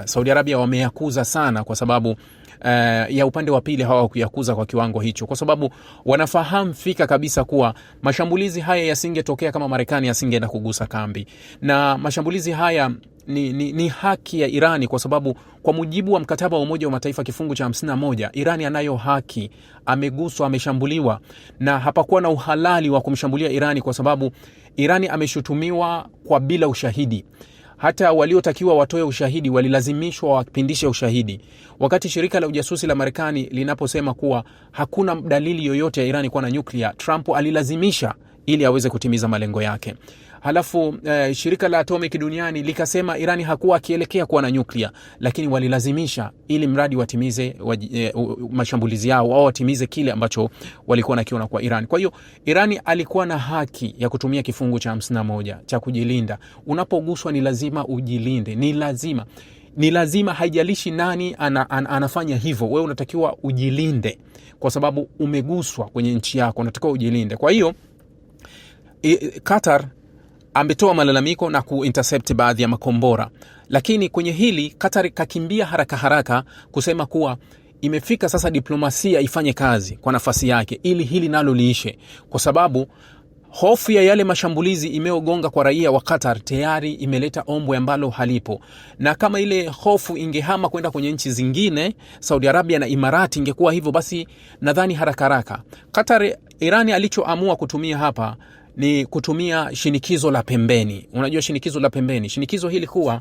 Eh, Saudi Arabia wameyakuza sana kwa sababu Uh, ya upande wa pili hawakuyakuza kwa kiwango hicho, kwa sababu wanafahamu fika kabisa kuwa mashambulizi haya yasingetokea kama Marekani yasingeenda kugusa kambi, na mashambulizi haya ni, ni, ni haki ya Irani kwa sababu kwa mujibu wa mkataba wa Umoja wa Mataifa kifungu cha 51 Irani anayo haki, ameguswa, ameshambuliwa, na hapakuwa na uhalali wa kumshambulia Irani kwa sababu Irani ameshutumiwa kwa bila ushahidi hata waliotakiwa watoe ushahidi walilazimishwa wapindishe ushahidi, wakati shirika la ujasusi la Marekani linaposema kuwa hakuna dalili yoyote ya Irani kuwa na nyuklia. Trump alilazimisha ili aweze kutimiza malengo yake halafu eh, shirika la atomic duniani likasema Irani hakuwa akielekea kuwa na nyuklia, lakini walilazimisha ili mradi watimize waj, eh, mashambulizi yao au watimize kile ambacho walikuwa nakiona kwa Irani. Kwa hiyo Irani alikuwa na haki ya kutumia kifungu cha 51 cha kujilinda. Unapoguswa ni lazima ujilinde, ni lazima ni lazima, haijalishi nani ana, ana, anafanya hivyo, wewe unatakiwa ujilinde, kwa sababu umeguswa kwenye nchi yako, unatakiwa ujilinde. Kwa hiyo Qatar ametoa malalamiko na kuintercept baadhi ya makombora, lakini kwenye hili Qatar kakimbia haraka haraka kusema kuwa imefika sasa diplomasia ifanye kazi kwa nafasi yake, ili hili nalo liishe, kwa sababu hofu ya yale mashambulizi imeogonga kwa raia wa Qatar tayari imeleta ombwe ambalo halipo, na kama ile hofu ingehama kwenda kwenye nchi zingine, Saudi Arabia na Imarati, ingekuwa hivyo basi, nadhani haraka haraka Qatar, Irani alichoamua kutumia hapa ni kutumia shinikizo la pembeni. Unajua shinikizo la pembeni, shinikizo hili huwa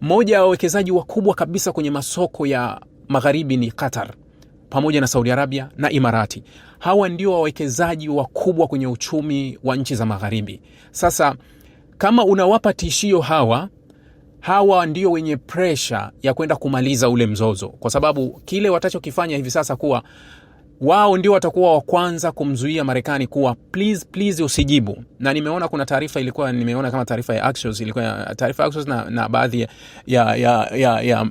moja ya wawekezaji wakubwa kabisa kwenye masoko ya magharibi ni Qatar pamoja na Saudi Arabia na Imarati. Hawa ndio wawekezaji wakubwa kwenye uchumi wa nchi za magharibi. Sasa kama unawapa tishio hawa, hawa ndio wenye presha ya kwenda kumaliza ule mzozo, kwa sababu kile watachokifanya hivi sasa kuwa wao ndio watakuwa wa kwanza kumzuia Marekani kuwa please, please usijibu. Na nimeona kuna taarifa ilikuwa nimeona kama taarifa ya Axios, ilikuwa taarifa Axios na, na baadhi ya, ya, ya, ya, ya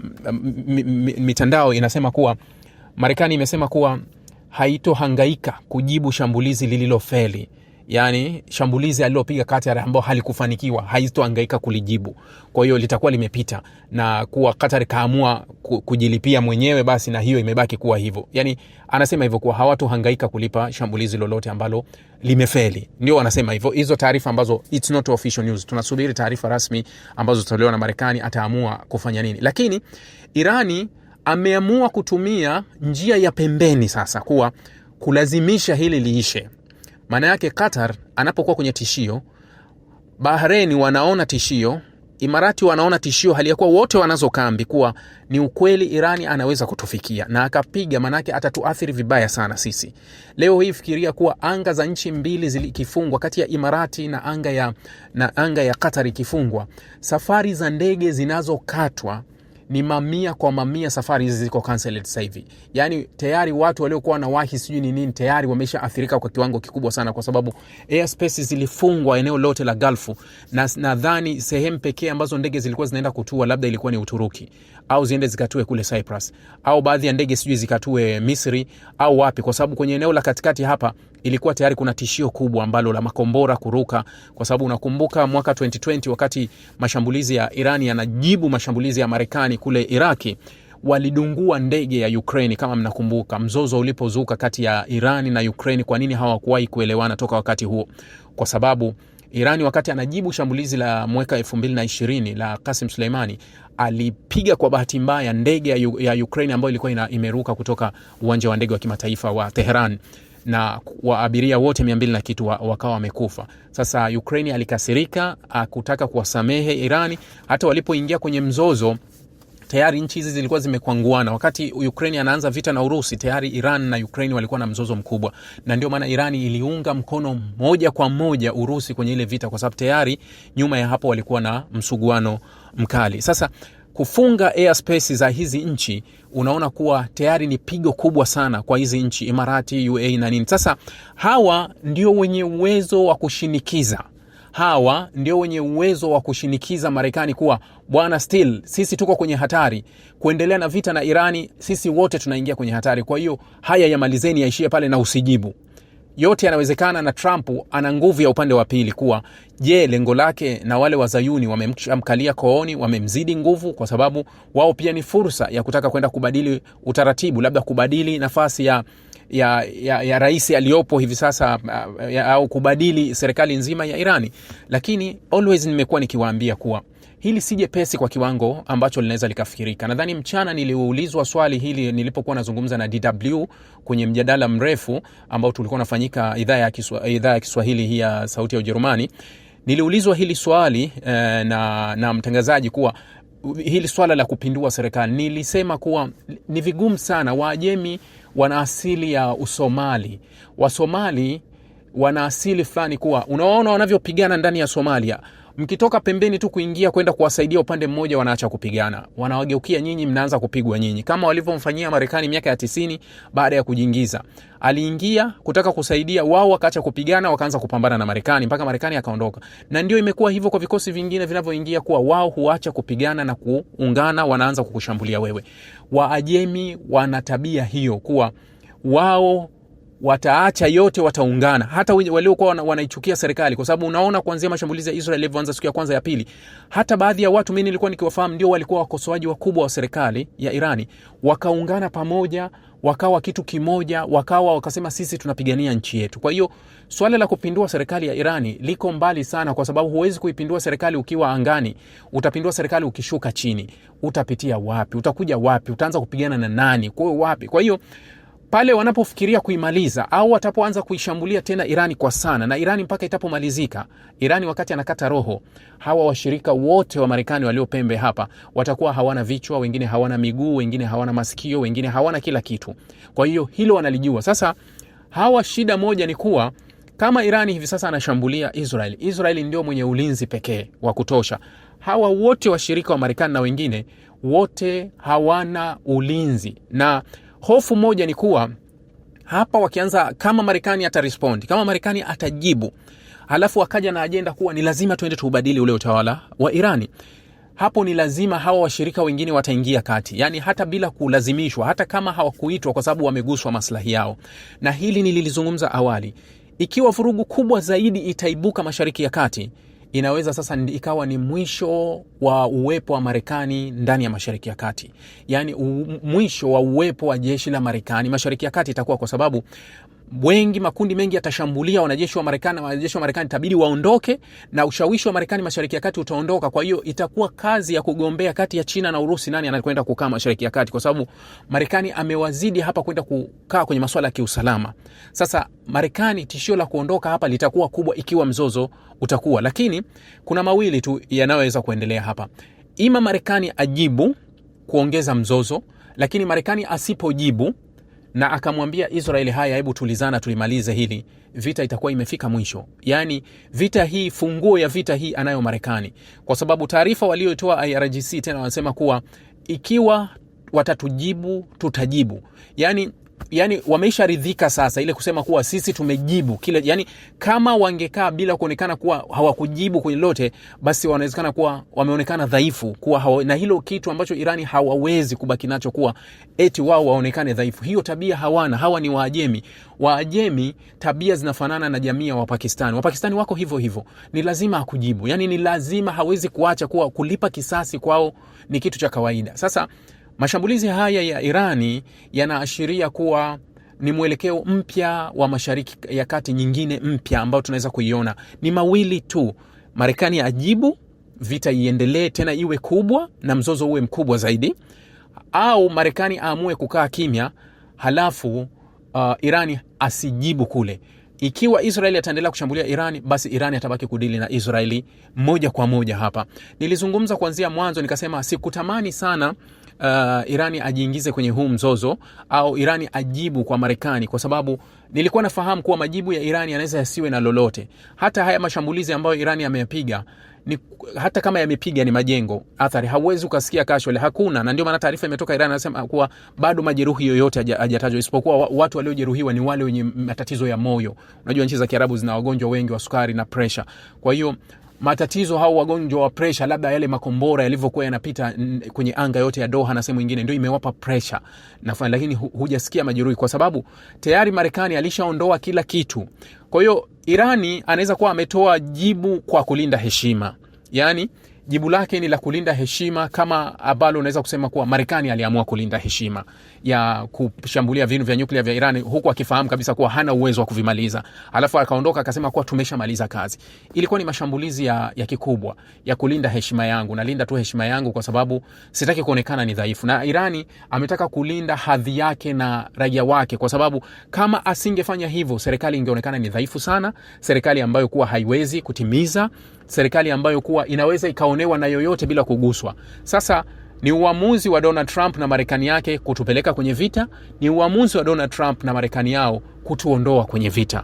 mitandao inasema kuwa Marekani imesema kuwa haitohangaika kujibu shambulizi lililofeli yani shambulizi alilopiga Qatar ambao halikufanikiwa haitoangaika kulijibu. Kwa hiyo litakuwa limepita na kuwa Qatar kaamua kujilipia mwenyewe, basi na hiyo imebaki kuwa hivyo. Yani anasema hivyo kuwa hawatohangaika kulipa shambulizi lolote ambalo limefeli, ndio wanasema hivyo. Hizo taarifa ambazo it's not official news, tunasubiri taarifa rasmi ambazo zitolewa na Marekani, ataamua kufanya nini. Lakini Irani ameamua kutumia njia ya pembeni sasa kuwa kulazimisha hili liishe maana yake Qatar anapokuwa kwenye tishio, Bahrain wanaona tishio, Imarati wanaona tishio, hali ya kuwa wote wanazo kambi kuwa ni ukweli Irani anaweza kutufikia na akapiga, manake atatuathiri vibaya sana sisi. Leo hii fikiria kuwa anga za nchi mbili zilikifungwa kati ya Imarati na anga ya, na anga ya Qatar ikifungwa, safari za ndege zinazokatwa ni mamia kwa mamia safari hizi ziko canceled sasa hivi. Yaani tayari watu waliokuwa na wahi sijui ni nini tayari wameshaathirika kwa kiwango kikubwa sana, kwa sababu airspace zilifungwa eneo lote la Gulf, na nadhani sehemu pekee ambazo ndege zilikuwa zinaenda kutua labda ilikuwa ni Uturuki, au ziende zikatue kule Cyprus, au baadhi ya ndege sijui zikatue Misri au wapi, kwa sababu kwenye eneo la katikati hapa ilikuwa tayari kuna tishio kubwa ambalo la makombora kuruka, kwa sababu unakumbuka mwaka 2020 wakati mashambulizi ya Irani yanajibu mashambulizi ya Marekani kule Iraki walidungua ndege ya ukraini kama mnakumbuka, mzozo ulipozuka kati ya Irani na ukraini Kwa nini hawakuwahi kuelewana toka wakati huo? Kwa sababu Irani wakati anajibu shambulizi la mwaka 2020 la Qasim Suleimani alipiga kwa bahati mbaya ndege ya ukraini ambayo ilikuwa imeruka kutoka uwanja wa ndege wa kimataifa wa Tehran na wa abiria wote mia mbili na kitu wakawa wamekufa. Sasa Ukraini alikasirika akutaka kuwasamehe Irani. Hata walipoingia kwenye mzozo tayari nchi hizi zilikuwa zimekwanguana. Wakati Ukraini anaanza vita na Urusi, tayari Iran na Ukraini walikuwa na mzozo mkubwa, na ndio maana Irani iliunga mkono moja kwa moja Urusi kwenye ile vita, kwa sababu tayari nyuma ya hapo walikuwa na msuguano mkali. Sasa kufunga airspace za hizi nchi unaona kuwa tayari ni pigo kubwa sana kwa hizi nchi Imarati, ua na nini. Sasa hawa ndio wenye uwezo wa kushinikiza hawa ndio wenye uwezo wa kushinikiza Marekani kuwa bwana, still sisi tuko kwenye hatari kuendelea na vita na Irani, sisi wote tunaingia kwenye hatari. Kwa hiyo haya yamalizeni, yaishie pale na usijibu yote yanawezekana, na Trump ana nguvu ya upande wa pili kuwa je, lengo lake na wale wazayuni wamemkalia kooni, wamemzidi nguvu, kwa sababu wao pia ni fursa ya kutaka kwenda kubadili utaratibu, labda kubadili nafasi ya ya, ya, ya rais aliyopo hivi sasa uh, au kubadili serikali nzima ya Irani. Lakini always nimekuwa nikiwaambia kuwa hili si jepesi kwa kiwango ambacho linaweza likafikirika. Nadhani mchana niliulizwa swali hili nilipokuwa nazungumza na DW kwenye mjadala mrefu ambao tulikuwa nafanyika idhaa ya Kiswahili, ya Kiswahili hii ya Sauti ya Ujerumani. Niliulizwa hili swali eh, na, na mtangazaji kuwa hili swala la kupindua serikali, nilisema kuwa ni vigumu sana. Waajemi wana asili ya Usomali, Wasomali wana asili fulani kuwa unaona wanavyopigana ndani ya Somalia Mkitoka pembeni tu kuingia kwenda kuwasaidia upande mmoja, wanaacha kupigana, wanawageukia nyinyi, mnaanza kupigwa nyinyi, kama walivyomfanyia Marekani miaka ya tisini baada ya kujiingiza. Aliingia kutaka kusaidia wao, wakaacha kupigana, wakaanza kupambana na Marekani mpaka Marekani akaondoka. Na ndio imekuwa hivyo kwa vikosi vingine vinavyoingia, kuwa wao huacha kupigana na kuungana, wanaanza kukushambulia wewe. Waajemi wana tabia hiyo kuwa wao wataacha yote, wataungana, hata waliokuwa wanaichukia serikali, kwa sababu unaona kuanzia mashambulizi ya Israel yalivyoanza siku ya kwanza ya pili, hata baadhi ya watu mimi nilikuwa nikiwafahamu ndio walikuwa wakosoaji wakubwa wa serikali ya Irani, wakaungana pamoja, wakawa kitu kimoja, wakawa wakasema sisi tunapigania nchi yetu. Kwa hiyo swala la kupindua serikali ya Irani liko mbali sana, kwa sababu huwezi kuipindua serikali ukiwa angani. Utapindua serikali ukishuka chini, utapitia wapi? Utakuja wapi? Utaanza kupigana na nani? Kwa wapi? Kwa hiyo pale wanapofikiria kuimaliza au watapoanza kuishambulia tena Irani kwa sana na Irani mpaka itapomalizika Irani, wakati anakata roho, hawa washirika wote wa Marekani waliopembe hapa watakuwa hawana vichwa, wengine hawana miguu, wengine hawana masikio, wengine hawana kila kitu. Kwa hiyo hilo wanalijua. Sasa hawa, shida moja ni kuwa kama Irani hivi sasa anashambulia Israel, Israel ndio mwenye ulinzi pekee wa kutosha. Hawa wote washirika wa Marekani na wengine wote hawana ulinzi na hofu moja ni kuwa hapa wakianza kama Marekani atarespondi, kama Marekani atajibu, alafu wakaja na ajenda kuwa ni lazima tuende tuubadili ule utawala wa Irani, hapo ni lazima hawa washirika wengine wataingia kati, yani hata bila kulazimishwa, hata kama hawakuitwa, kwa sababu wameguswa maslahi yao. Na hili nililizungumza awali, ikiwa vurugu kubwa zaidi itaibuka Mashariki ya Kati inaweza sasa ikawa ni mwisho wa uwepo wa Marekani ndani ya Mashariki ya Kati, yaani mwisho wa uwepo wa jeshi la Marekani Mashariki ya Kati itakuwa kwa sababu wengi makundi mengi yatashambulia wanajeshi wa Marekani. Wanajeshi wa Marekani itabidi waondoke, na ushawishi wa Marekani mashariki ya kati utaondoka. Kwa hiyo itakuwa kazi ya kugombea kati ya China na Urusi, nani anakwenda kukaa mashariki ya kati, kwa sababu Marekani amewazidi hapa kwenda kukaa kwenye masuala ya kiusalama. Sasa Marekani tishio la kuondoka hapa litakuwa kubwa ikiwa mzozo utakuwa, lakini kuna mawili tu yanayoweza kuendelea hapa, ima Marekani ajibu kuongeza mzozo, lakini Marekani asipojibu na akamwambia Israeli, haya, hebu tulizana, tulimalize hili vita, itakuwa imefika mwisho. Yani vita hii, funguo ya vita hii anayo Marekani, kwa sababu taarifa waliotoa IRGC tena wanasema kuwa ikiwa watatujibu tutajibu. Yani yani wameisharidhika sasa, ile kusema kuwa sisi tumejibu kile. Yani kama wangekaa bila kuonekana kuwa hawakujibu kwenye lote, basi wanawezekana kuwa wameonekana dhaifu kuwa hawa, na hilo kitu ambacho Irani hawawezi kubaki nacho kuwa eti wao waonekane dhaifu. Hiyo tabia hawana. Hawa ni Waajemi. Waajemi tabia zinafanana na jamii ya Wapakistani. Wapakistani wako hivyo hivyo, ni lazima akujibu, yani ni lazima, hawezi kuacha kuwa kulipa kisasi kwao ni kitu cha kawaida. Sasa Mashambulizi haya ya Irani yanaashiria kuwa ni mwelekeo mpya wa Mashariki ya Kati, nyingine mpya ambayo tunaweza kuiona. Ni mawili tu, Marekani ajibu vita iendelee tena iwe kubwa na mzozo uwe mkubwa zaidi, au Marekani aamue kukaa kimya, halafu uh, Irani asijibu kule. Ikiwa Israeli ataendelea kushambulia Irani, basi Irani atabaki kudili na Israeli moja kwa moja. Hapa nilizungumza kuanzia mwanzo, nikasema sikutamani sana uh, Irani ajiingize kwenye huu mzozo au Irani ajibu kwa Marekani, kwa sababu nilikuwa nafahamu kuwa majibu ya Irani yanaweza yasiwe na lolote. Hata haya mashambulizi ambayo Irani ameyapiga ni, hata kama yamepiga ni majengo, athari hauwezi ukasikia casual, hakuna. Na ndio maana taarifa imetoka Iran anasema kuwa bado majeruhi yoyote hajatajwa, isipokuwa watu waliojeruhiwa ni wale wenye matatizo ya moyo. Unajua nchi za Kiarabu zina wagonjwa wengi wa sukari na pressure, kwa hiyo matatizo au wagonjwa wa presha, labda yale makombora yalivyokuwa yanapita kwenye anga yote ya Doha na sehemu nyingine, ndio imewapa presha nafanya, lakini hu, hujasikia majeruhi kwa sababu tayari Marekani alishaondoa kila kitu. Kwa hiyo Irani anaweza kuwa ametoa jibu kwa kulinda heshima, yaani jibu lake ni la kulinda heshima, kama ambalo unaweza kusema kuwa Marekani aliamua kulinda heshima ya kushambulia vinu vya nyuklia vya Iran huku akifahamu kabisa kuwa hana uwezo wa kuvimaliza, alafu akaondoka akasema kuwa tumeshamaliza kazi. Ilikuwa ni mashambulizi ya, ya kikubwa ya kulinda heshima yangu, nalinda tu heshima yangu kwa sababu sitaki kuonekana ni dhaifu, na Irani ametaka kulinda hadhi yake na raia wake, kwa sababu kama asingefanya hivyo, serikali ingeonekana ni dhaifu sana, serikali ambayo kuwa haiwezi kutimiza serikali ambayo kuwa inaweza ikaonewa na yoyote bila kuguswa. Sasa ni uamuzi wa Donald Trump na Marekani yake kutupeleka kwenye vita, ni uamuzi wa Donald Trump na Marekani yao kutuondoa kwenye vita.